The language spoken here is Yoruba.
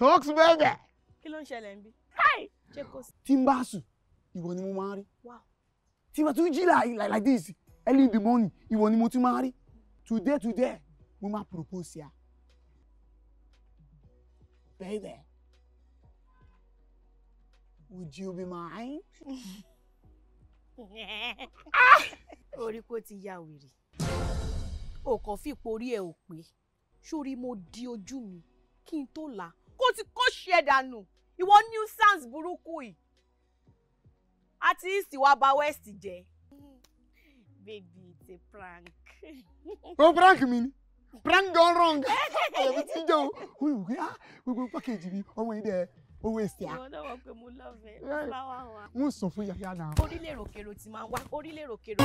talks bẹ́ẹ̀. kí ló ń ṣẹlẹ̀ níbí. tí n bá sùn ìwọ ni mo máa ń rí tí tún jí like this early in the morning ìwọ ni mo tún máa ń rí today today mo máa propose ya baby would you be mine. Ah! orí kò ti ya wèrè òkàn fìpò orí ẹ ò pé sórí mo di ojú mi kí n tó là kó ti kó ṣe dànù ìwọ nuisance burúkú yìí àti east wa bà west jẹ́. baby it's a prank. o prank mi ni prank gone wrong ẹ̀mí ti jẹ́ o olùgbé ah gbogbo pákéjì mi ọmọ yìí dẹ̀ owó èsì à. ìwọ náà wọ pé mo lọ́ọ̀fẹ́ fúláwà wa. n sọ fún yàrá náà. orílẹ̀ èrò kèrò ti máa wá orílẹ̀ èrò kèrò.